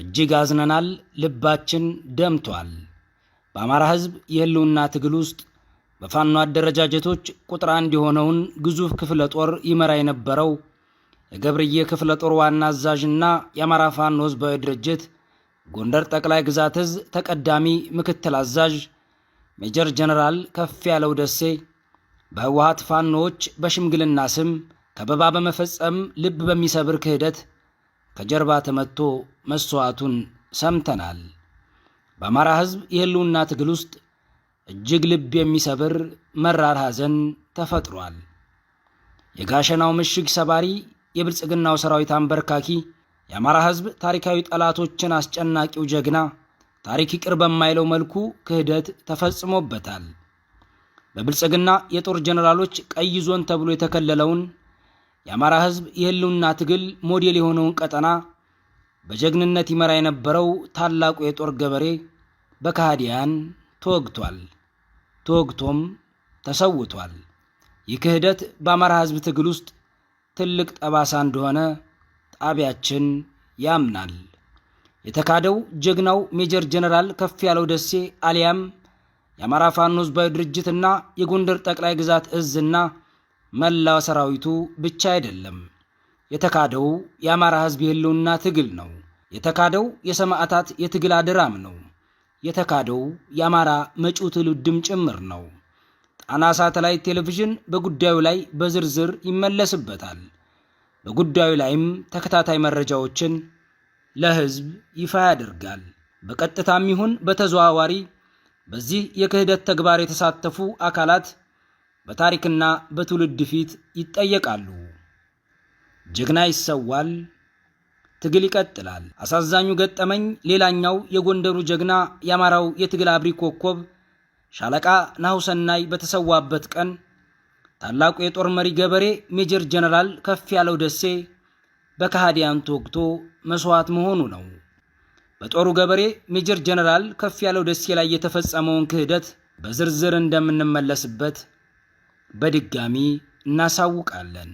እጅግ አዝነናል። ልባችን ደምቷል። በአማራ ሕዝብ የህልውና ትግል ውስጥ በፋኖ አደረጃጀቶች ቁጥር አንድ የሆነውን ግዙፍ ክፍለ ጦር ይመራ የነበረው የገብርዬ ክፍለ ጦር ዋና አዛዥና የአማራ ፋኖ ህዝባዊ ድርጅት ጎንደር ጠቅላይ ግዛት እዝ ተቀዳሚ ምክትል አዛዥ ሜጀር ጀነራል ከፍ ያለው ደሴ በህወሀት ፋኖዎች በሽምግልና ስም ከበባ በመፈጸም ልብ በሚሰብር ክህደት ከጀርባ ተመትቶ መሥዋዕቱን ሰምተናል። በአማራ ሕዝብ የህልውና ትግል ውስጥ እጅግ ልብ የሚሰብር መራር ሐዘን ተፈጥሯል። የጋሸናው ምሽግ ሰባሪ፣ የብልጽግናው ሰራዊት አንበርካኪ፣ የአማራ ሕዝብ ታሪካዊ ጠላቶችን አስጨናቂው ጀግና ታሪክ ይቅር በማይለው መልኩ ክህደት ተፈጽሞበታል። በብልጽግና የጦር ጀኔራሎች ቀይ ዞን ተብሎ የተከለለውን የአማራ ህዝብ የህልውና ትግል ሞዴል የሆነውን ቀጠና በጀግንነት ይመራ የነበረው ታላቁ የጦር ገበሬ በካህዲያን ተወግቷል፣ ተወግቶም ተሰውቷል። ይህ ክህደት በአማራ ህዝብ ትግል ውስጥ ትልቅ ጠባሳ እንደሆነ ጣቢያችን ያምናል። የተካደው ጀግናው ሜጀር ጀነራል ከፍ ያለው ደሴ አሊያም የአማራ ፋኖ ህዝባዊ ድርጅትና የጎንደር ጠቅላይ ግዛት እዝና መላው ሰራዊቱ ብቻ አይደለም። የተካደው የአማራ ሕዝብ የህልውና ትግል ነው። የተካደው የሰማዕታት የትግል አደራም ነው። የተካደው የአማራ መጪው ትውልድም ጭምር ነው። ጣና ሳተላይት ቴሌቪዥን በጉዳዩ ላይ በዝርዝር ይመለስበታል። በጉዳዩ ላይም ተከታታይ መረጃዎችን ለህዝብ ይፋ ያደርጋል። በቀጥታም ይሁን በተዘዋዋሪ በዚህ የክህደት ተግባር የተሳተፉ አካላት በታሪክና በትውልድ ፊት ይጠየቃሉ። ጀግና ይሰዋል፣ ትግል ይቀጥላል። አሳዛኙ ገጠመኝ ሌላኛው የጎንደሩ ጀግና የአማራው የትግል አብሪ ኮከብ ሻለቃ ናሁሰናይ በተሰዋበት ቀን ታላቁ የጦር መሪ ገበሬ ሜጀር ጀነራል ከፍ ያለው ደሴ በከሃዲያን ተወግቶ መስዋዕት መሆኑ ነው። በጦሩ ገበሬ ሜጀር ጀነራል ከፍ ያለው ደሴ ላይ የተፈጸመውን ክህደት በዝርዝር እንደምንመለስበት በድጋሚ እናሳውቃለን።